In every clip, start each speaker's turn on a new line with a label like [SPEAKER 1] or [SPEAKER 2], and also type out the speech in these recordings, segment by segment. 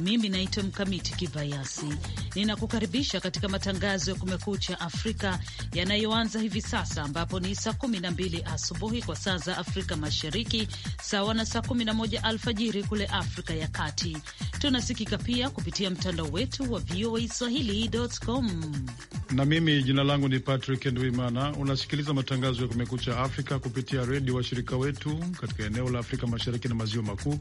[SPEAKER 1] Mimi naitwa Mkamiti Kibayasi, ninakukaribisha katika matangazo ya Kumekucha Afrika yanayoanza hivi sasa, ambapo ni saa 12 asubuhi kwa saa za Afrika Mashariki, sawa na saa 11 alfajiri kule Afrika ya Kati. Tunasikika pia kupitia mtandao wetu wa VOA Swahili.com.
[SPEAKER 2] Na mimi jina langu ni Patrick nduimana Unasikiliza matangazo ya Kumekucha Afrika kupitia redio washirika wetu katika eneo la Afrika Mashariki na Maziwa Makuu,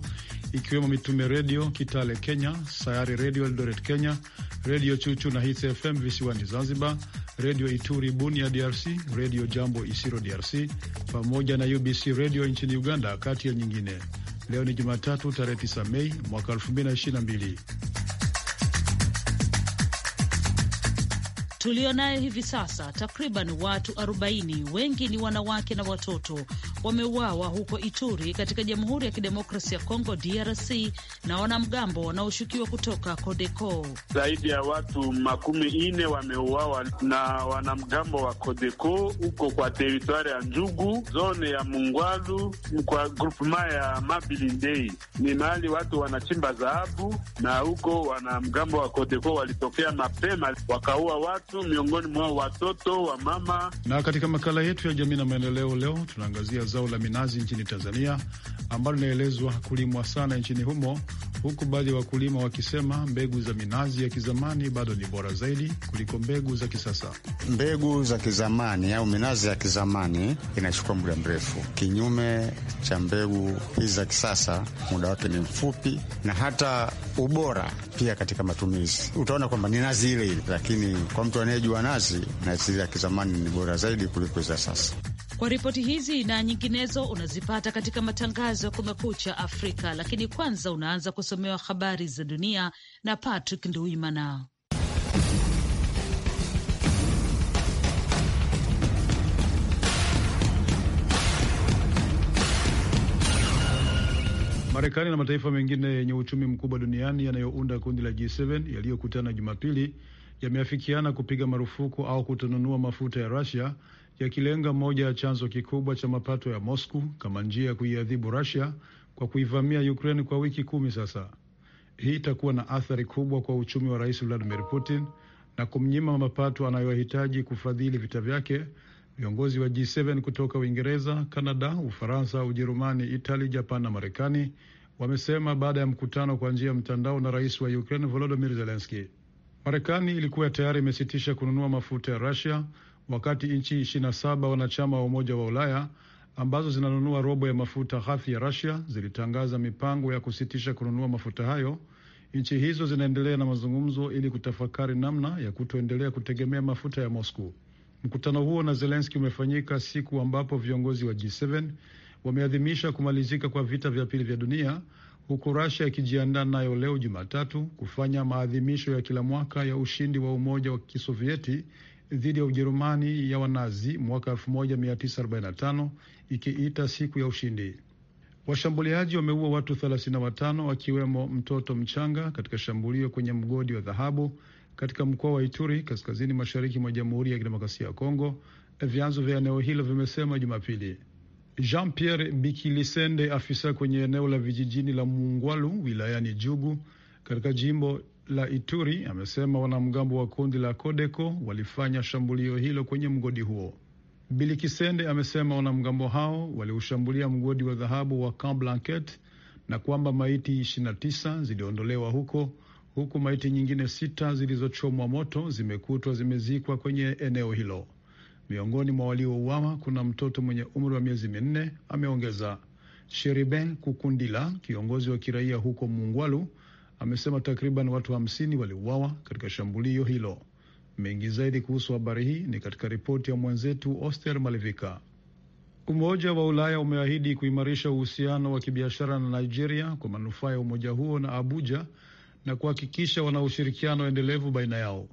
[SPEAKER 2] ikiwemo Mitume Redio Kitale Kenya, Kenya, Sayari Redio Eldoret Kenya, Redio Chuchu na Hits FM visiwani Zanzibar, Redio Ituri Bunia DRC, Redio Jambo Isiro DRC pamoja na UBC Redio nchini Uganda, kati ya nyingine. Leo ni Jumatatu tarehe 9 Mei mwaka 2022.
[SPEAKER 1] tuliyonayo hivi sasa, takriban watu 40 wengi ni wanawake na watoto wameuawa huko Ituri katika Jamhuri ya Kidemokrasi ya Kongo DRC na wanamgambo wanaoshukiwa kutoka Codeco.
[SPEAKER 3] Zaidi ya watu makumi nne wameuawa na wanamgambo wa Codeco huko kwa teritwari ya Njugu, zone ya Mungwalu, kwa grupema ya Mabilindei. Ni mahali watu wanachimba dhahabu, na huko wanamgambo wa Codeco walitokea mapema wakaua watu watu miongoni mwa watoto wa mama.
[SPEAKER 2] Na katika makala yetu ya jamii na maendeleo leo, tunaangazia zao la minazi nchini Tanzania ambalo linaelezwa kulimwa sana nchini humo huku baadhi ya wakulima wakisema mbegu za minazi ya kizamani bado ni bora zaidi kuliko mbegu za kisasa.
[SPEAKER 4] Mbegu za kizamani au minazi ya kizamani inachukua muda mrefu, kinyume cha mbegu hizi za kisasa, muda wake ni mfupi, na hata ubora pia katika matumizi utaona kwamba ni nazi ile ile, lakini kwa mtu anayejua nazi, nazi ya kizamani ni bora zaidi kuliko za sasa.
[SPEAKER 1] Kwa ripoti hizi na nyinginezo unazipata katika matangazo ya Kumekucha Afrika, lakini kwanza unaanza kusomewa habari za dunia na Patrick Nduimana.
[SPEAKER 2] Marekani na mataifa mengine yenye uchumi mkubwa duniani yanayounda kundi la G7 yaliyokutana Jumapili yameafikiana kupiga marufuku au kutonunua mafuta ya rusia yakilenga moja ya chanzo kikubwa cha mapato ya Moscow kama njia ya kuiadhibu Russia kwa kuivamia Ukraine kwa wiki kumi sasa. Hii itakuwa na athari kubwa kwa uchumi wa Rais Vladimir Putin na kumnyima mapato anayohitaji kufadhili vita vyake. Viongozi wa G7 kutoka Uingereza, Kanada, Ufaransa, Ujerumani, Itali, Japan na Marekani wamesema baada ya mkutano kwa njia ya mtandao na rais wa Ukraine Volodimir Zelenski. Marekani ilikuwa tayari imesitisha kununua mafuta ya Rusia wakati nchi 27 wanachama wa Umoja wa Ulaya ambazo zinanunua robo ya mafuta ghafi ya Rusia zilitangaza mipango ya kusitisha kununua mafuta hayo. Nchi hizo zinaendelea na mazungumzo ili kutafakari namna ya kutoendelea kutegemea mafuta ya Moscow. Mkutano huo na Zelenski umefanyika siku ambapo viongozi wa G7 wameadhimisha kumalizika kwa vita vya pili vya dunia huku Rasia ikijiandaa nayo leo Jumatatu kufanya maadhimisho ya kila mwaka ya ushindi wa Umoja wa Kisovieti dhidi ya Ujerumani ya Wanazi mwaka 1945 ikiita siku ya ushindi. Washambuliaji wameua watu 35 wakiwemo mtoto mchanga katika shambulio kwenye mgodi wa dhahabu katika mkoa wa Ituri kaskazini mashariki mwa Jamhuri ya Kidemokrasia ya Kongo, vyanzo vya eneo hilo vimesema Jumapili. Jean-Pierre Bikilisende, afisa kwenye eneo la vijijini la Mungwalu wilayani Jugu katika jimbo la Ituri, amesema wanamgambo wa kundi la Kodeko walifanya shambulio hilo kwenye mgodi huo. Bilikisende amesema wanamgambo hao waliushambulia mgodi wa dhahabu wa Camp Blanket na kwamba maiti 29 ziliondolewa huko huku maiti nyingine sita zilizochomwa moto zimekutwa zimezikwa kwenye eneo hilo. Miongoni mwa waliouawa kuna mtoto mwenye umri wa miezi minne, ameongeza. Sheriben Kukundila, kiongozi wa kiraia huko Mungwalu, amesema takriban watu hamsini waliuawa katika shambulio hilo. Mengi zaidi kuhusu habari hii ni katika ripoti ya mwenzetu Oster Malivika. Umoja wa Ulaya umeahidi kuimarisha uhusiano wa kibiashara na Nigeria kwa manufaa ya umoja huo na Abuja na kuhakikisha wana ushirikiano endelevu baina yao.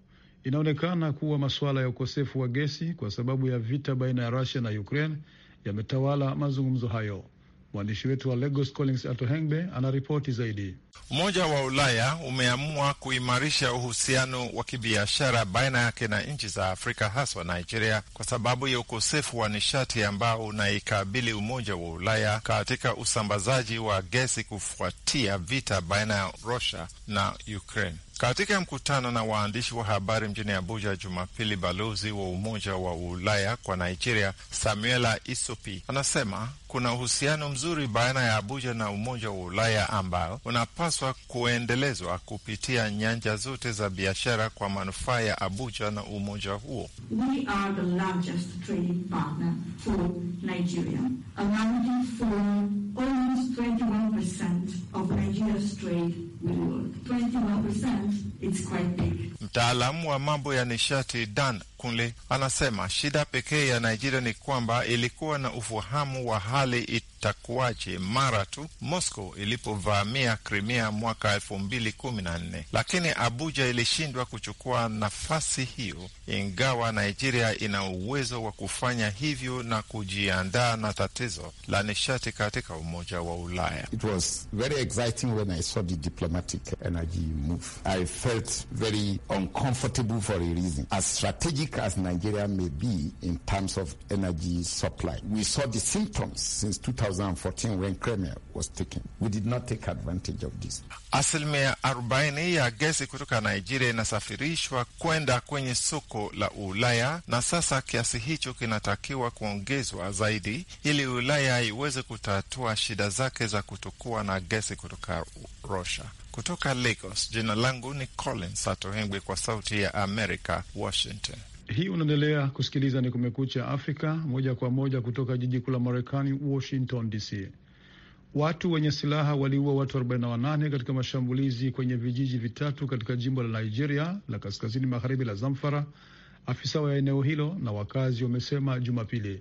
[SPEAKER 2] Inaonekana kuwa masuala ya ukosefu wa gesi kwa sababu ya vita baina ya Rusia na Ukraine yametawala mazungumzo hayo. Mwandishi wetu wa Lagos Collins Atohengbe anaripoti zaidi.
[SPEAKER 5] Umoja wa Ulaya umeamua kuimarisha uhusiano wa kibiashara baina yake na nchi za Afrika haswa Nigeria kwa sababu ya ukosefu wa nishati ambao unaikabili Umoja wa Ulaya katika usambazaji wa gesi kufuatia vita baina ya rusia na Ukraine. Katika mkutano na waandishi wa habari mjini Abuja Jumapili, balozi wa Umoja wa Ulaya kwa Nigeria Samuela Isopi anasema kuna uhusiano mzuri baina ya Abuja na Umoja wa Ulaya ambao unapaswa kuendelezwa kupitia nyanja zote za biashara kwa manufaa ya Abuja na umoja huo.
[SPEAKER 6] We are the largest trading partner for Nigeria, accounting for almost 21% of Nigeria's trade 21%, it's
[SPEAKER 5] quite big. Mtaalamu wa mambo ya nishati Dan Kunle anasema shida pekee ya Nigeria ni kwamba ilikuwa na ufahamu wa hali itakuwaje mara tu Moscow ilipovamia Crimea mwaka elfu mbili kumi na nne, lakini Abuja ilishindwa kuchukua nafasi hiyo, ingawa Nigeria ina uwezo wa kufanya hivyo na kujiandaa na tatizo la nishati katika Umoja wa Ulaya.
[SPEAKER 4] It was very exciting when I saw the diplomatic energy move. I felt very uncomfortable for a reason. As strategic as Nigeria may be in terms of energy supply, we saw the symptoms since 2014 when Crimea was taken. We did not take advantage of this.
[SPEAKER 5] Asilimia arobaini ya gesi kutoka Nigeria inasafirishwa kwenda kwenye soko la Ulaya, na sasa kiasi hicho kinatakiwa kuongezwa zaidi ili Ulaya iweze kutatua shida zake za kutokuwa na gesi kutoka Russia. Kutoka Lagos, jina langu ni Colin Satohengwi, kwa Sauti ya Amerika, Washington.
[SPEAKER 2] Hii unaendelea kusikiliza ni Kumekucha Afrika, moja kwa moja kutoka jiji kuu la Marekani, Washington DC. Watu wenye silaha waliua watu 48 katika mashambulizi kwenye vijiji vitatu katika jimbo la Nigeria la kaskazini magharibi la Zamfara, afisa wa eneo hilo na wakazi wamesema Jumapili.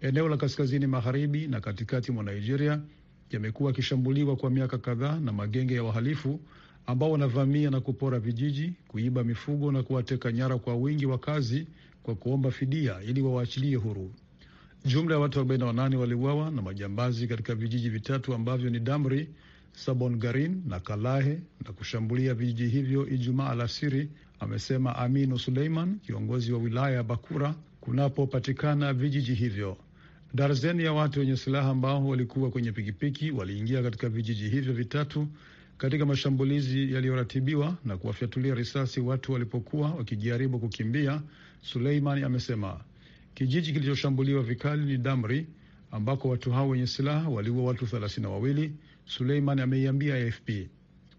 [SPEAKER 2] Eneo la kaskazini magharibi na katikati mwa Nigeria yamekuwa yakishambuliwa kwa miaka kadhaa na magenge ya wahalifu ambao wanavamia na kupora vijiji, kuiba mifugo na kuwateka nyara kwa wingi wakazi kwa kuomba fidia ili wawaachilie huru. Jumla ya watu 48 waliuawa na majambazi katika vijiji vitatu ambavyo ni Damri, Sabon Garin na Kalahe na kushambulia vijiji hivyo Ijumaa alasiri, amesema Aminu Suleiman, kiongozi wa wilaya ya Bakura kunapopatikana vijiji hivyo. Darzeni ya watu wenye silaha ambao walikuwa kwenye pikipiki waliingia katika vijiji hivyo vitatu katika mashambulizi yaliyoratibiwa na kuwafyatulia risasi watu walipokuwa wakijaribu kukimbia. Suleimani amesema kijiji kilichoshambuliwa vikali ni Damri ambako watu hao wenye silaha waliua watu thelathini na wawili. Suleiman ameiambia AFP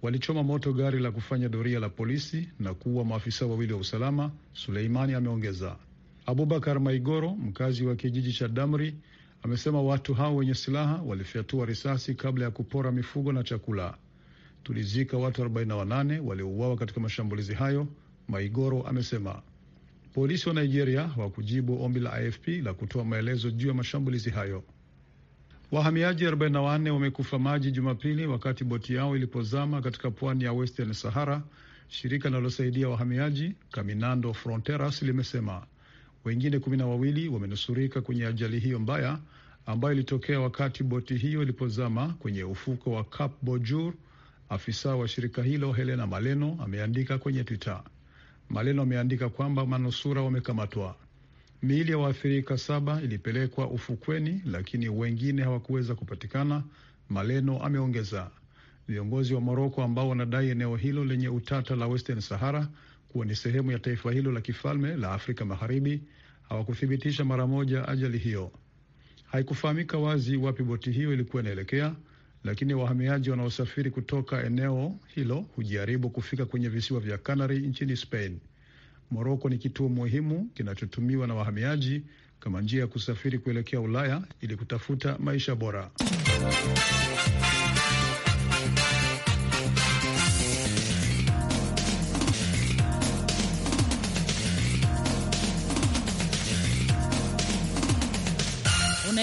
[SPEAKER 2] walichoma moto gari la kufanya doria la polisi na kuua maafisa wawili wa usalama. Suleimani ameongeza Abubakar Maigoro, mkazi wa kijiji cha Damri, amesema watu hao wenye silaha walifyatua risasi kabla ya kupora mifugo na chakula. Tulizika watu 48 waliouawa katika mashambulizi hayo, Maigoro amesema. Polisi wa Nigeria hawakujibu ombi la AFP la kutoa maelezo juu ya mashambulizi hayo. Wahamiaji 44 wamekufa maji Jumapili wakati boti yao ilipozama katika pwani ya Western Sahara, shirika linalosaidia wahamiaji Caminando Fronteras limesema. Wengine kumi na wawili wamenusurika kwenye ajali hiyo mbaya ambayo ilitokea wakati boti hiyo ilipozama kwenye ufuko wa Cap Bojur. Afisa wa shirika hilo Helena Maleno ameandika kwenye Twitter. Maleno ameandika kwamba manusura wamekamatwa. Miili ya waathirika saba ilipelekwa ufukweni, lakini wengine hawakuweza kupatikana, Maleno ameongeza. Viongozi wa Moroko ambao wanadai eneo hilo lenye utata la Western Sahara kuwa ni sehemu ya taifa hilo la kifalme la Afrika Magharibi hawakuthibitisha mara moja ajali hiyo. Haikufahamika wazi wapi boti hiyo ilikuwa inaelekea, lakini wahamiaji wanaosafiri kutoka eneo hilo hujaribu kufika kwenye visiwa vya Canary nchini Spain. Moroko ni kituo muhimu kinachotumiwa na wahamiaji kama njia ya kusafiri kuelekea Ulaya ili kutafuta maisha bora.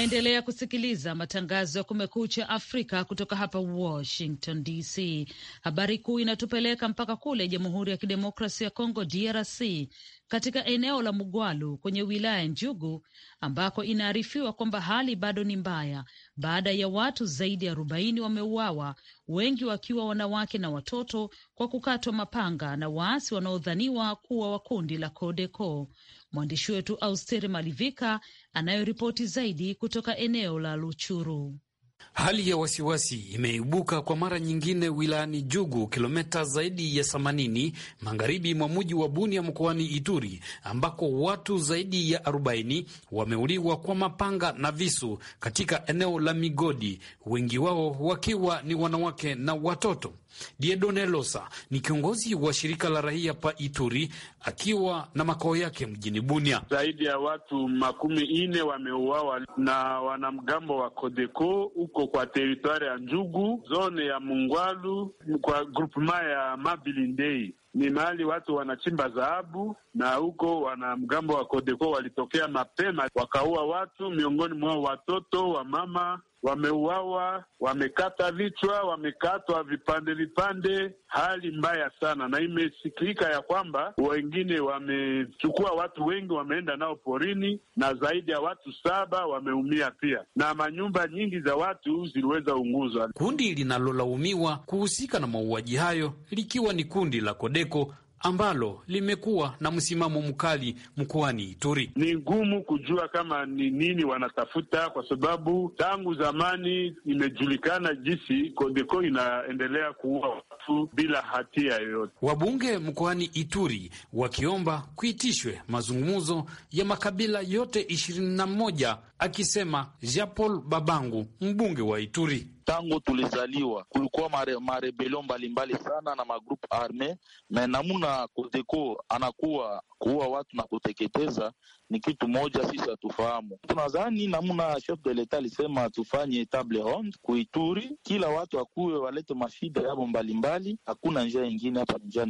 [SPEAKER 1] Unaendelea kusikiliza matangazo ya Kumekucha Afrika kutoka hapa Washington DC. Habari kuu inatupeleka mpaka kule Jamhuri ya Kidemokrasia ya Kongo, DRC, katika eneo la Mugwalu kwenye wilaya Njugu, ambako inaarifiwa kwamba hali bado ni mbaya baada ya watu zaidi ya arobaini wameuawa, wengi wakiwa wanawake na watoto, kwa kukatwa mapanga na waasi wanaodhaniwa kuwa wa kundi la Codeco. Mwandishi wetu Austeri Malivika anayoripoti zaidi kutoka eneo la Luchuru.
[SPEAKER 7] Hali ya wasiwasi imeibuka kwa mara nyingine wilayani Jugu, kilometa zaidi ya 80 magharibi mwa muji wa Bunia mkoani Ituri, ambako watu zaidi ya arobaini wameuliwa kwa mapanga na visu katika eneo la migodi, wengi wao wakiwa ni wanawake na watoto. Diedone Losa ni kiongozi wa shirika la raia pa Ituri akiwa na makao yake mjini Bunia.
[SPEAKER 3] Zaidi ya watu makumi nne wameuawa na wanamgambo wa Kodeko huko kwa teritwari ya Njugu, zone ya Mungwalu, kwa grupema ya Mabilindei ni mahali watu wanachimba dhahabu na huko wanamgambo wa Kodeko walitokea mapema wakaua watu, miongoni mwao watoto wa mama wameuawa, wamekata vichwa, wamekatwa vipande vipande, hali mbaya sana, na imesikilika ya kwamba wengine wamechukua watu wengi, wameenda nao porini, na zaidi ya watu saba wameumia pia, na manyumba nyingi za watu ziliweza unguzwa.
[SPEAKER 7] Kundi linalolaumiwa kuhusika na mauaji hayo likiwa ni kundi la Kodeko
[SPEAKER 3] ambalo limekuwa na msimamo mkali mkoani Ituri. Ni ngumu kujua kama ni nini wanatafuta, kwa sababu tangu zamani imejulikana jinsi Kodeko inaendelea kuua watu bila hatia yoyote.
[SPEAKER 7] Wabunge mkoani Ituri wakiomba kuitishwe mazungumzo ya makabila yote ishirini
[SPEAKER 3] na moja, akisema Jean Paul Babangu, mbunge wa Ituri tangu tulizaliwa kulikuwa mare, marebelio mbalimbali sana na magrupu arme na namuna Kodeko anakuwa kuua watu na kuteketeza ni kitu moja, sisi hatufahamu. Tunadhani namuna chef de leta alisema tufanye table ronde kuituri, kila watu akuwe walete mashida yabo mbalimbali. Hakuna njia ingine hapa, njia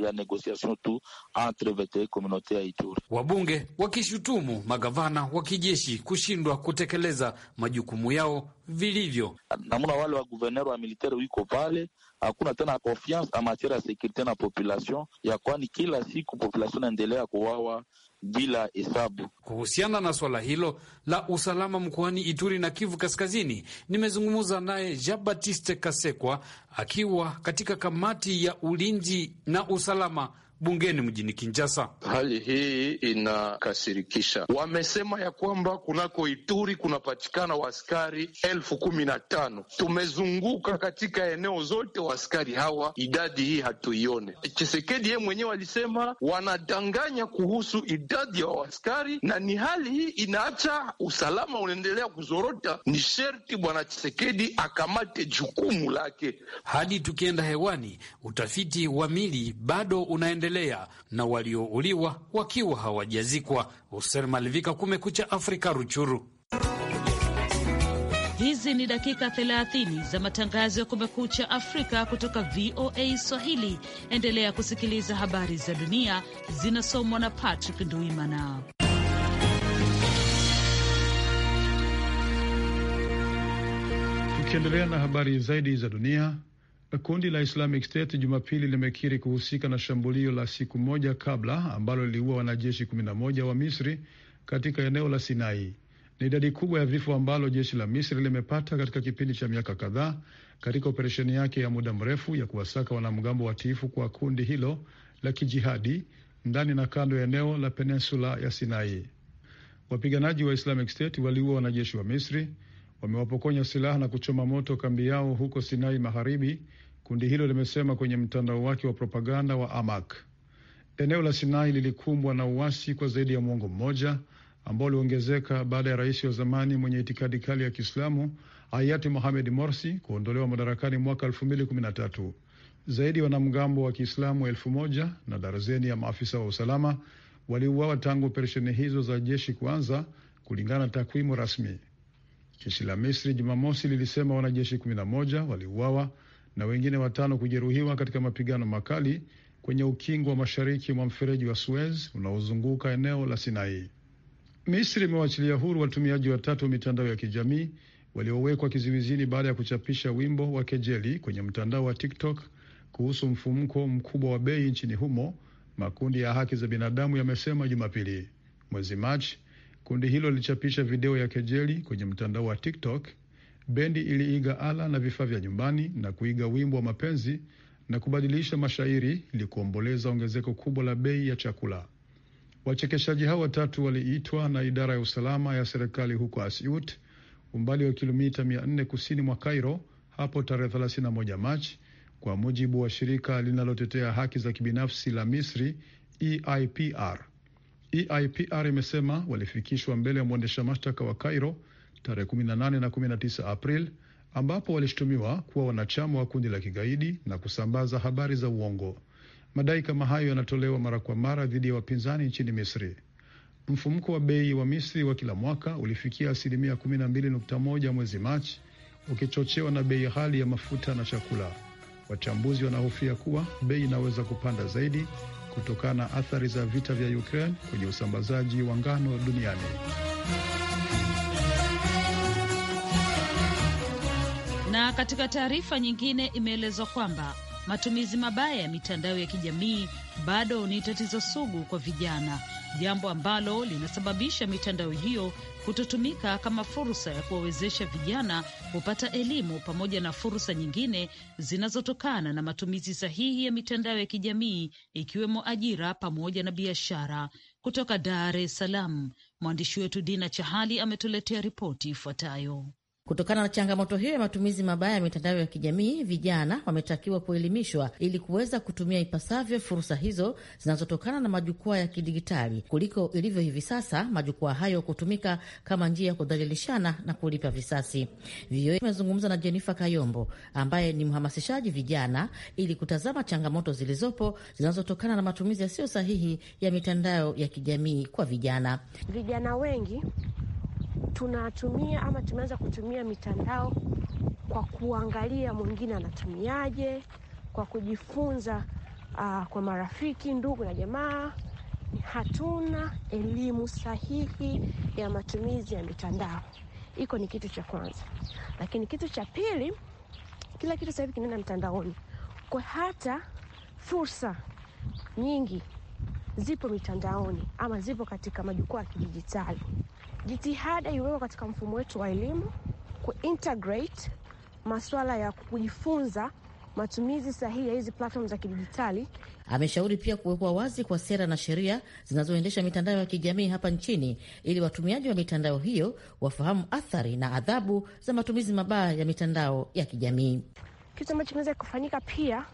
[SPEAKER 3] ya negociation tu entre vete komunote ya Ituri.
[SPEAKER 7] Wabunge wakishutumu magavana wa
[SPEAKER 3] kijeshi kushindwa kutekeleza majukumu yao vilivyo. namuna wale wa guverner wa militaire wiko pale, hakuna tena confiance a matiere ya sekurite na population ya kwani, kila siku population naendelea kuwawa bila hesabu.
[SPEAKER 7] Kuhusiana na swala hilo la usalama mkoani Ituri na Kivu Kaskazini, nimezungumza naye Jean Baptiste Kasekwa akiwa katika kamati ya ulinzi na usalama
[SPEAKER 3] bungeni mjini Kinjasa.
[SPEAKER 4] Hali hii inakasirikisha.
[SPEAKER 3] Wamesema ya
[SPEAKER 2] kwamba kunako Ituri kunapatikana waskari elfu kumi na tano. Tumezunguka katika eneo zote, waskari hawa idadi hii hatuione. Chisekedi yeye mwenyewe
[SPEAKER 3] alisema wanadanganya kuhusu idadi ya waskari na ni hali hii inaacha usalama unaendelea kuzorota. Ni sherti bwana Chisekedi akamate
[SPEAKER 7] jukumu lake. Hadi tukienda hewani, utafiti wa mili bado unaendelea unaendelea na waliouliwa wakiwa hawajazikwa. Hoser Malivika, Kumekucha Afrika, Ruchuru.
[SPEAKER 1] Hizi ni dakika 30 za matangazo ya Kumekucha Afrika kutoka VOA Swahili. Endelea kusikiliza habari za dunia zinasomwa na Patrick Nduimana.
[SPEAKER 2] Tukiendelea na habari zaidi za dunia, Kundi la Islamic State Jumapili limekiri kuhusika na shambulio la siku moja kabla ambalo liliua wanajeshi 11 wa Misri katika eneo la Sinai. Ni idadi kubwa ya vifo ambalo jeshi la Misri limepata katika kipindi cha miaka kadhaa katika operesheni yake ya muda mrefu ya kuwasaka wanamgambo watiifu kwa kundi hilo la kijihadi ndani na kando ya eneo la peninsula ya Sinai. Wapiganaji wa Islamic State waliua wanajeshi wa Misri wamewapokonya silaha na kuchoma moto kambi yao huko Sinai Magharibi, kundi hilo limesema kwenye mtandao wake wa propaganda wa Amak. Eneo la Sinai lilikumbwa na uasi kwa zaidi ya mwongo mmoja ambao uliongezeka baada ya rais wa zamani mwenye itikadi kali ya Kiislamu hayati Mohamed Morsi kuondolewa madarakani mwaka 2013. Zaidi ya wanamgambo wa Kiislamu elfu moja na darzeni ya maafisa wa usalama waliuawa tangu operesheni hizo za jeshi kuanza, kulingana na takwimu rasmi. Jeshi la Misri Jumamosi lilisema wanajeshi 11 waliuawa na wengine watano kujeruhiwa katika mapigano makali kwenye ukingo wa mashariki mwa mfereji wa Suez unaozunguka eneo la Sinai. Misri imewaachilia huru watumiaji watatu wa mitandao ya kijamii waliowekwa kizuizini baada ya kuchapisha wimbo wa kejeli kwenye mtandao wa TikTok kuhusu mfumko mkubwa wa bei nchini humo, makundi ya haki za binadamu yamesema Jumapili. Mwezi Machi, Kundi hilo lilichapisha video ya kejeli kwenye mtandao wa TikTok. Bendi iliiga ala na vifaa vya nyumbani na kuiga wimbo wa mapenzi na kubadilisha mashairi ili kuomboleza ongezeko kubwa la bei ya chakula. Wachekeshaji hao watatu waliitwa na idara ya usalama ya serikali huko Asyut, umbali wa kilomita 400 kusini mwa Cairo hapo tarehe 31 Machi, kwa mujibu wa shirika linalotetea haki za kibinafsi la Misri EIPR. EIPR imesema walifikishwa mbele ya mwendesha mashtaka wa Cairo tarehe 18 na 19 April ambapo walishtumiwa kuwa wanachama wa kundi la kigaidi na kusambaza habari za uongo. Madai kama hayo yanatolewa mara kwa mara dhidi ya wapinzani nchini Misri. mfumko wa bei wa Misri wa kila mwaka ulifikia asilimia 12.1 mwezi Machi, ukichochewa na bei hali ya mafuta na chakula. Wachambuzi wanahofia kuwa bei inaweza kupanda zaidi kutokana na athari za vita vya Ukraine kwenye usambazaji wa ngano duniani.
[SPEAKER 1] Na katika taarifa nyingine imeelezwa kwamba matumizi mabaya ya mitandao ya kijamii bado ni tatizo sugu kwa vijana, jambo ambalo linasababisha mitandao hiyo kutotumika kama fursa ya kuwawezesha vijana kupata elimu pamoja na fursa nyingine zinazotokana na matumizi sahihi ya mitandao ya kijamii ikiwemo ajira pamoja na biashara. Kutoka Dar es Salaam, mwandishi wetu Dina Chahali ametuletea ripoti ifuatayo.
[SPEAKER 8] Kutokana na changamoto hiyo ya matumizi mabaya ya mitandao ya kijamii, vijana wametakiwa kuelimishwa ili kuweza kutumia ipasavyo fursa hizo zinazotokana na majukwaa ya kidigitali kuliko ilivyo hivi sasa, majukwaa hayo kutumika kama njia ya kudhalilishana na kulipa visasi. VOA imezungumza na Jennifer Kayombo ambaye ni mhamasishaji vijana, ili kutazama changamoto zilizopo zinazotokana na matumizi yasiyo sahihi ya mitandao ya kijamii kwa vijana.
[SPEAKER 6] Vijana wengi tunatumia ama tumeanza kutumia mitandao kwa kuangalia mwingine anatumiaje, kwa kujifunza aa, ah, kwa marafiki, ndugu na jamaa. Hatuna elimu sahihi ya matumizi ya mitandao, iko ni kitu cha kwanza. Lakini kitu cha pili, kila kitu sasa hivi kinaenda mtandaoni, kwa hata fursa nyingi zipo mitandaoni ama zipo katika majukwaa ya kidijitali. Jitihada iwekwe katika mfumo wetu wa elimu kuintegrate masuala ya kujifunza matumizi sahihi ya hizi platform za kidijitali.
[SPEAKER 8] Ameshauri pia kuwekwa wazi kwa sera na sheria zinazoendesha mitandao ya kijamii hapa nchini ili watumiaji wa mitandao hiyo wafahamu athari na adhabu za matumizi mabaya ya mitandao ya kijamii.
[SPEAKER 6] Kitu ambacho kinaweza kufanyika pia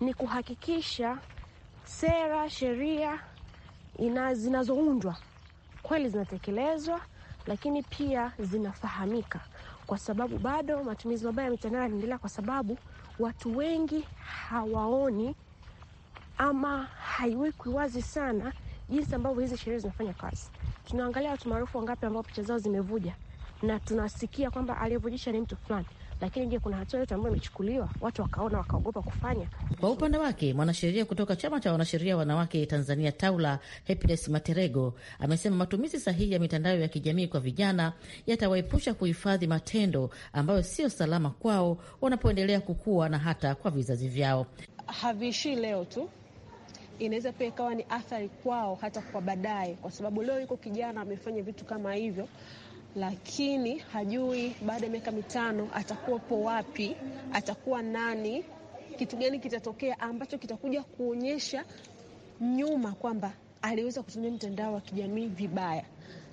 [SPEAKER 6] ni kuhakikisha sera, sheria zinazoundwa kweli zinatekelezwa, lakini pia zinafahamika, kwa sababu bado matumizi mabaya ya mitandao yanaendelea, kwa sababu watu wengi hawaoni ama haiwekwi wazi sana jinsi ambavyo hizi sheria zinafanya kazi. Tunaangalia watu maarufu wangapi ambao picha zao zimevuja na tunasikia kwamba aliyevujisha ni mtu fulani, lakini je, kuna hatua yote ambayo imechukuliwa watu wakaona wakaogopa kufanya?
[SPEAKER 8] Kwa upande wake mwanasheria kutoka chama cha wanasheria wanawake Tanzania Taula, Happiness Materego amesema matumizi sahihi ya mitandao ya kijamii kwa vijana yatawaepusha kuhifadhi matendo ambayo sio salama kwao wanapoendelea kukua na hata kwa vizazi vyao.
[SPEAKER 6] Haviishii leo tu, inaweza pia ikawa ni athari kwao hata kwa baadaye, kwa sababu leo yuko kijana amefanya vitu kama hivyo lakini hajui baada ya miaka mitano atakuwapo wapi, atakuwa nani, kitu gani kitatokea ambacho kitakuja kuonyesha nyuma kwamba aliweza kutumia mtandao wa kijamii vibaya,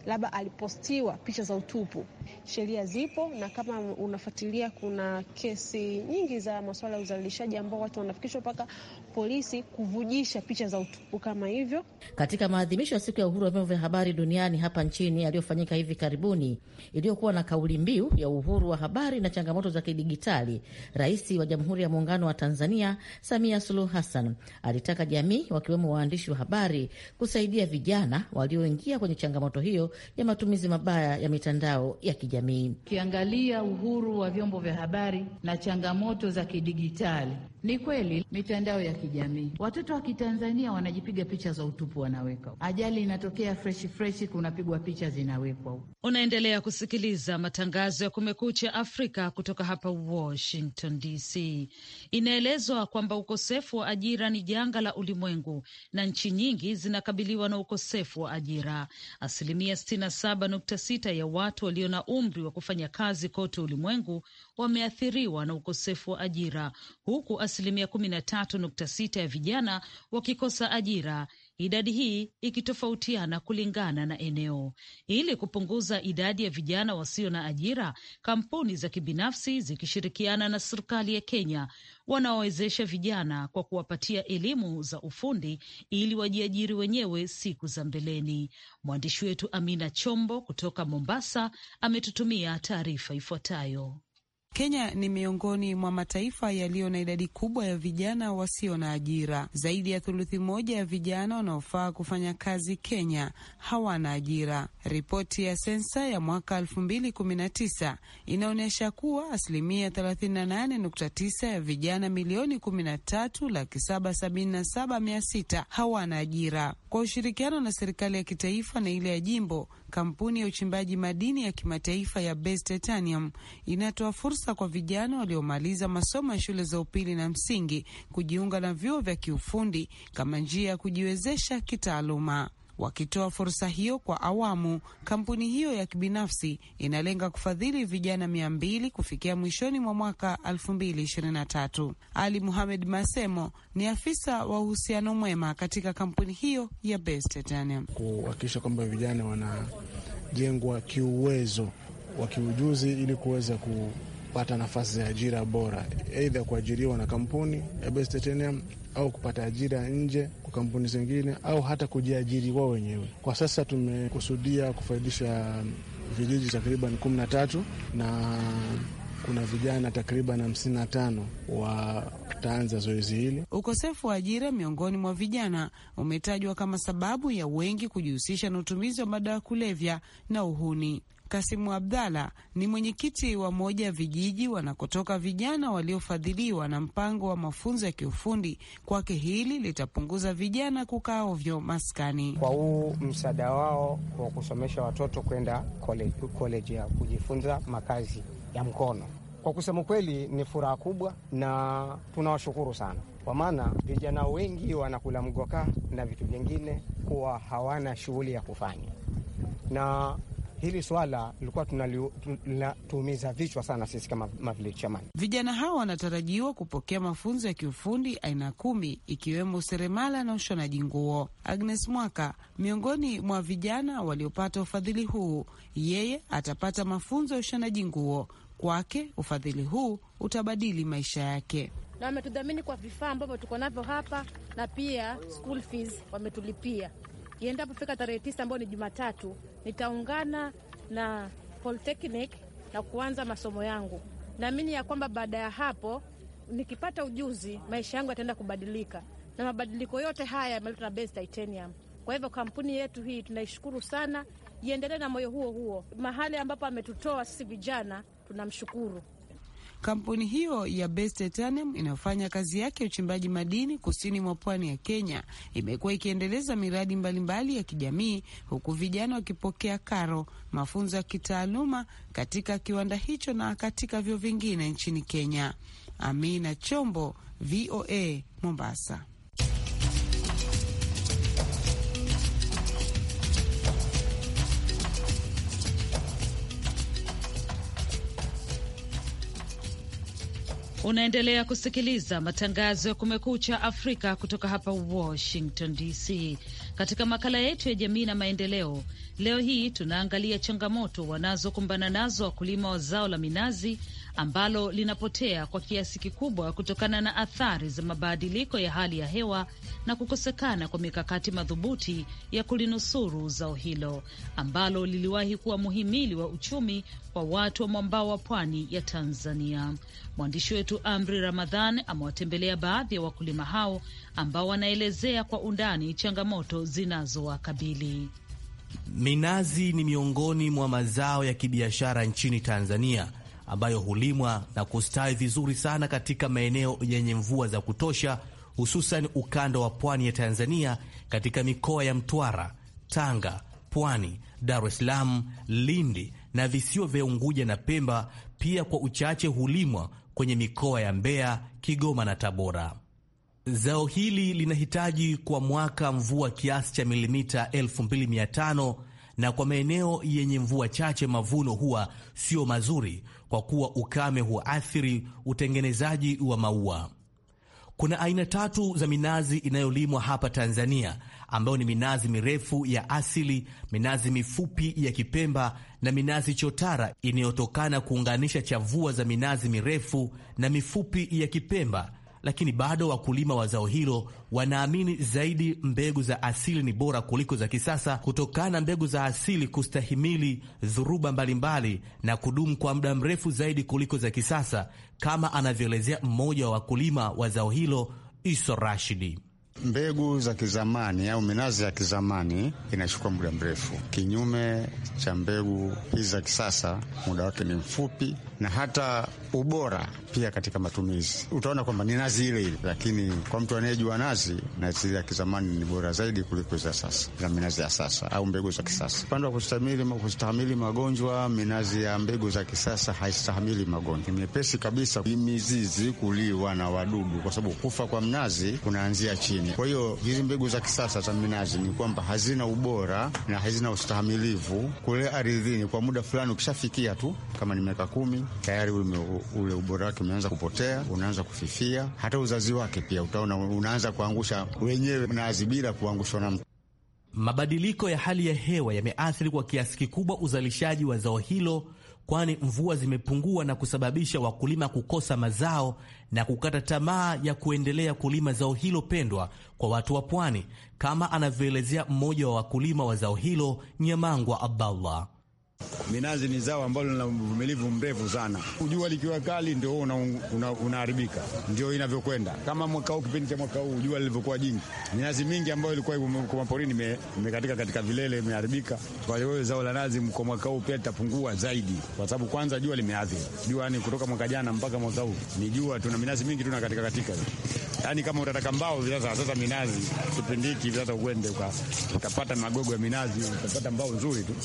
[SPEAKER 6] labda alipostiwa picha za utupu. Sheria zipo, na kama unafuatilia, kuna kesi nyingi za masuala ya uzalishaji ambao watu wanafikishwa mpaka polisi kuvujisha picha za utupu kama hivyo.
[SPEAKER 8] Katika maadhimisho ya siku ya uhuru wa vyombo vya habari duniani hapa nchini yaliyofanyika hivi karibuni, iliyokuwa na kauli mbiu ya uhuru wa habari na changamoto za kidigitali, Rais wa Jamhuri ya Muungano wa Tanzania Samia Suluhu Hassan alitaka jamii, wakiwemo waandishi wa habari, kusaidia vijana walioingia kwenye changamoto hiyo ya matumizi mabaya ya mitandao ya kijamii.
[SPEAKER 1] Ukiangalia uhuru wa vyombo vya habari na changamoto za kidigitali ni kweli mitandao ya kijamii, watoto wa Kitanzania wanajipiga picha za utupu, wanaweka. Ajali inatokea freshi freshi, kunapigwa picha zinawekwa. Unaendelea kusikiliza matangazo ya Kumekucha Afrika kutoka hapa Washington DC. Inaelezwa kwamba ukosefu wa ajira ni janga la ulimwengu na nchi nyingi zinakabiliwa na ukosefu wa ajira. Asilimia 67.6 ya watu walio na umri wa kufanya kazi kote ulimwengu wameathiriwa na ukosefu wa ajira huku asilimia kumi na tatu nukta sita ya vijana wakikosa ajira, idadi hii ikitofautiana kulingana na eneo. Ili kupunguza idadi ya vijana wasio na ajira, kampuni za kibinafsi zikishirikiana na serikali ya Kenya wanaowezesha vijana kwa kuwapatia elimu za ufundi ili wajiajiri wenyewe siku za mbeleni. Mwandishi wetu Amina Chombo kutoka Mombasa ametutumia taarifa ifuatayo.
[SPEAKER 9] Kenya ni miongoni mwa mataifa yaliyo na idadi kubwa ya vijana wasio na ajira. Zaidi ya thuluthi moja ya vijana wanaofaa kufanya kazi Kenya hawana ajira. Ripoti ya sensa ya mwaka 2019 inaonyesha kuwa asilimia 38.9 ya vijana milioni 13 laki 777 mia hawana ajira. Kwa ushirikiano na serikali ya kitaifa na ile ya jimbo kampuni ya uchimbaji madini ya kimataifa ya Base Titanium inatoa fursa kwa vijana waliomaliza masomo ya shule za upili na msingi kujiunga na vyuo vya kiufundi kama njia ya kujiwezesha kitaaluma. Wakitoa fursa hiyo kwa awamu, kampuni hiyo ya kibinafsi inalenga kufadhili vijana mia mbili kufikia mwishoni mwa mwaka mbili ishirini na tatu Ali Muhamed Masemo ni afisa wa uhusiano mwema katika kampuni hiyo ya Best Titanium.
[SPEAKER 3] Kuhakikisha kwamba vijana wanajengwa kiuwezo wa kiujuzi ili kuweza kupata nafasi za ajira bora, aidha kuajiriwa na kampuni ya Best Titanium au kupata ajira nje kampuni zingine au hata kujiajiri wao wenyewe. Kwa sasa tumekusudia kufaidisha vijiji takriban kumi na tatu na kuna vijana takriban hamsini na tano taanza zoezi hili.
[SPEAKER 9] Ukosefu wa ajira miongoni mwa vijana umetajwa kama sababu ya wengi kujihusisha na utumizi wa madawa ya kulevya na uhuni. Kasimu Abdalla ni mwenyekiti wa moja vijiji wanakotoka vijana waliofadhiliwa na mpango wa mafunzo ya kiufundi. Kwake hili litapunguza vijana kukaa ovyo maskani. Kwa huu msaada wao wa kusomesha watoto kwenda koleji ya kujifunza makazi ya mkono, kwa kusema kweli ni furaha kubwa na tunawashukuru sana, kwa maana vijana wengi wanakula mgoka na vitu vingine, kuwa hawana shughuli ya kufanya na hili swala lilikuwa tunatumiza vichwa sana sisi kama mavile chamani. Vijana hao wanatarajiwa kupokea mafunzo ya kiufundi aina kumi ikiwemo seremala na ushonaji nguo. Agnes Mwaka miongoni mwa vijana waliopata ufadhili huu, yeye atapata mafunzo ya ushonaji nguo. Kwake ufadhili huu utabadili maisha yake
[SPEAKER 1] na wametudhamini kwa vifaa ambavyo tuko navyo hapa na pia school fees
[SPEAKER 6] wametulipia. Iendapo kufika tarehe tisa ambayo ni Jumatatu, nitaungana na Polytechnic na kuanza masomo yangu. Naamini ya kwamba baada ya hapo nikipata ujuzi, maisha yangu yataenda kubadilika, na mabadiliko yote haya yameletwa na Base Titanium. Kwa hivyo kampuni yetu hii tunaishukuru sana, iendelee na moyo huo huo. Mahali ambapo ametutoa sisi vijana tunamshukuru.
[SPEAKER 9] Kampuni hiyo ya Best Titanium inayofanya kazi yake ya uchimbaji madini kusini mwa pwani ya Kenya imekuwa ikiendeleza miradi mbalimbali mbali ya kijamii, huku vijana wakipokea karo, mafunzo ya kitaaluma katika kiwanda hicho na katika vyuo vingine nchini Kenya. Amina Chombo, VOA, Mombasa.
[SPEAKER 1] Unaendelea kusikiliza matangazo ya Kumekucha Afrika kutoka hapa Washington DC. Katika makala yetu ya jamii na maendeleo, leo hii tunaangalia changamoto wanazokumbana nazo wakulima wa zao la minazi ambalo linapotea kwa kiasi kikubwa kutokana na athari za mabadiliko ya hali ya hewa na kukosekana kwa mikakati madhubuti ya kulinusuru zao hilo ambalo liliwahi kuwa muhimili wa uchumi kwa watu wa mwambao wa pwani ya Tanzania. Mwandishi wetu Amri Ramadhan amewatembelea baadhi ya wa wakulima hao ambao wanaelezea kwa undani changamoto zinazowakabili.
[SPEAKER 10] Minazi ni miongoni mwa mazao ya kibiashara nchini Tanzania ambayo hulimwa na kustawi vizuri sana katika maeneo yenye mvua za kutosha, hususan ukanda wa pwani ya Tanzania katika mikoa ya Mtwara, Tanga, Pwani, Dar es Salaam, Lindi na visiwa vya Unguja na Pemba. Pia kwa uchache hulimwa kwenye mikoa ya Mbeya, Kigoma na Tabora. Zao hili linahitaji kwa mwaka mvua kiasi cha milimita 2500 na kwa maeneo yenye mvua chache mavuno huwa sio mazuri kwa kuwa ukame huathiri utengenezaji wa maua. Kuna aina tatu za minazi inayolimwa hapa Tanzania, ambayo ni minazi mirefu ya asili, minazi mifupi ya Kipemba na minazi chotara inayotokana kuunganisha chavua za minazi mirefu na mifupi ya Kipemba lakini bado wakulima wa zao hilo wanaamini zaidi mbegu za asili ni bora kuliko za kisasa, kutokana na mbegu za asili kustahimili dhuruba mbalimbali na kudumu kwa muda mrefu zaidi kuliko za kisasa, kama anavyoelezea mmoja wa wakulima wa zao hilo Iso Rashidi.
[SPEAKER 4] Mbegu za kizamani au minazi ya kizamani inachukua muda mrefu, kinyume cha mbegu hizi za kisasa, muda wake ni mfupi, na hata ubora pia katika matumizi utaona kwamba ni nazi ile ile, lakini kwa mtu anayejua nazi, nazi ya kizamani ni bora zaidi kuliko za sasa, za minazi ya sasa au mbegu za kisasa. Upande wa kustahimili kustahimili magonjwa, minazi ya mbegu za kisasa haistahimili magonjwa, ni mepesi kabisa, mizizi kuliwa na wadudu, kwa sababu kufa kwa mnazi kunaanzia chini chini. Kwa hiyo hizi mbegu za kisasa za minazi ni kwamba hazina ubora na hazina ustahamilivu kule ardhini. Kwa muda fulani ukishafikia tu kama ni miaka kumi, tayari ule, ule ubora wake umeanza kupotea, unaanza kufifia. Hata uzazi wake pia utaona unaanza kuangusha wenyewe mnazi bila kuangushwa
[SPEAKER 10] na mtu. Mabadiliko ya hali ya hewa yameathiri kwa kiasi kikubwa uzalishaji wa zao hilo kwani mvua zimepungua na kusababisha wakulima kukosa mazao na kukata tamaa ya kuendelea kulima zao hilo pendwa kwa watu wa pwani, kama anavyoelezea mmoja wa wakulima wa zao hilo Nyamangwa Abdallah.
[SPEAKER 4] Minazi ni zao ambalo lina uvumilivu mrefu sana. Jua likiwa kali ndio unaharibika, una una ndio inavyokwenda. Kama mwaka huu, kipindi cha mwaka huu jua lilivyokuwa jingi, minazi mingi ambayo ilikuwa kwa maporini imekatika katika vilele, imeharibika. Kwa hiyo zao la nazi kwa mwaka huu pia litapungua zaidi, kwa sababu kwanza jua limeathiri. Jua ni kutoka mwaka jana mpaka mwaka huu ni jua, tuna minazi mingi tuna katika katika Yani, kama utataka mbao vilasa sasa, minazi kipindi hiki vilasa, uende ukapata magogo ya minazi, utapata mbao nzuri tu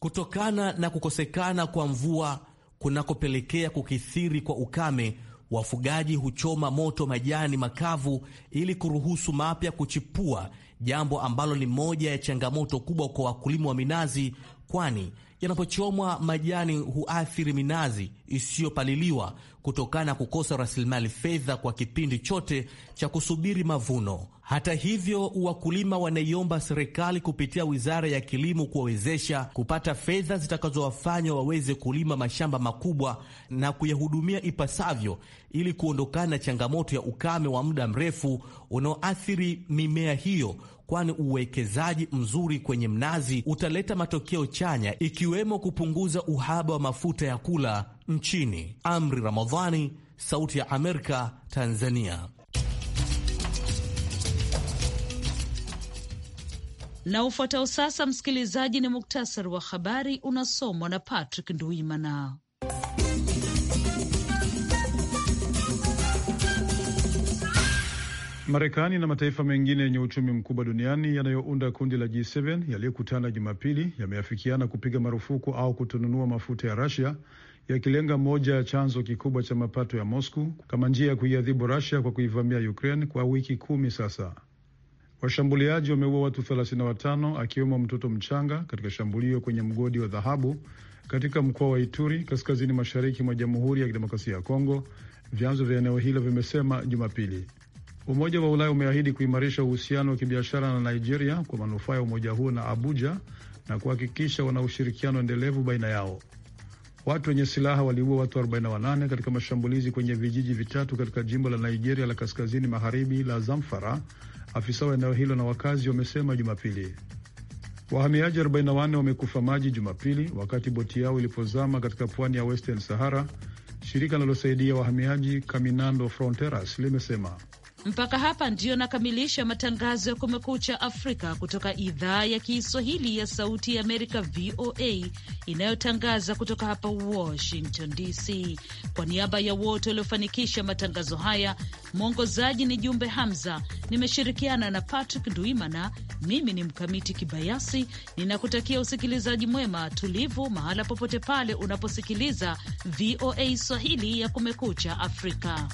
[SPEAKER 10] kutokana na kukosekana kwa mvua kunakopelekea kukithiri kwa ukame. Wafugaji huchoma moto majani makavu ili kuruhusu mapya kuchipua, jambo ambalo ni moja ya changamoto kubwa kwa wakulima wa minazi, kwani yanapochomwa majani huathiri minazi isiyopaliliwa kutokana na kukosa rasilimali fedha kwa kipindi chote cha kusubiri mavuno. Hata hivyo, wakulima wanaiomba serikali kupitia wizara ya kilimo kuwawezesha kupata fedha zitakazowafanya waweze kulima mashamba makubwa na kuyahudumia ipasavyo ili kuondokana na changamoto ya ukame wa muda mrefu unaoathiri mimea hiyo kwani uwekezaji mzuri kwenye mnazi utaleta matokeo chanya ikiwemo kupunguza uhaba wa mafuta ya kula nchini. Amri Ramadhani, Sauti ya Amerika, Tanzania.
[SPEAKER 1] Na ufuatao sasa, msikilizaji, ni muktasari wa habari unasomwa na Patrick Nduimana.
[SPEAKER 2] Marekani na mataifa mengine yenye uchumi mkubwa duniani yanayounda kundi la G7 yaliyokutana Jumapili yameafikiana kupiga marufuku au kutununua mafuta ya rasia yakilenga moja ya chanzo kikubwa cha mapato ya Moscow kama njia ya kuiadhibu rusia kwa kuivamia Ukraine kwa wiki kumi sasa. Washambuliaji wameua watu 35 akiwemo mtoto mchanga katika shambulio kwenye mgodi wa dhahabu katika mkoa wa Ituri kaskazini mashariki mwa Jamhuri ya Kidemokrasia ya Kongo, vyanzo vya eneo hilo vimesema Jumapili. Umoja wa Ulaya umeahidi kuimarisha uhusiano wa kibiashara na Nigeria kwa manufaa ya umoja huo na Abuja na kuhakikisha wana ushirikiano endelevu baina yao. Watu wenye silaha waliua watu 48 katika mashambulizi kwenye vijiji vitatu katika jimbo la Nigeria la kaskazini magharibi la Zamfara afisa wa eneo hilo na wakazi wamesema Jumapili. Wahamiaji 41 wamekufa maji Jumapili wakati boti yao ilipozama katika pwani ya Western Sahara, shirika linalosaidia wahamiaji Caminando Fronteras limesema.
[SPEAKER 1] Mpaka hapa ndiyo nakamilisha matangazo ya Kumekucha Afrika kutoka idhaa ya Kiswahili ya Sauti ya Amerika, VOA, inayotangaza kutoka hapa Washington DC. Kwa niaba ya wote waliofanikisha matangazo haya, mwongozaji ni Jumbe Hamza, nimeshirikiana na Patrick Nduimana. Mimi ni Mkamiti Kibayasi, ninakutakia usikilizaji mwema, tulivu, mahala popote pale unaposikiliza VOA Swahili ya Kumekucha Afrika.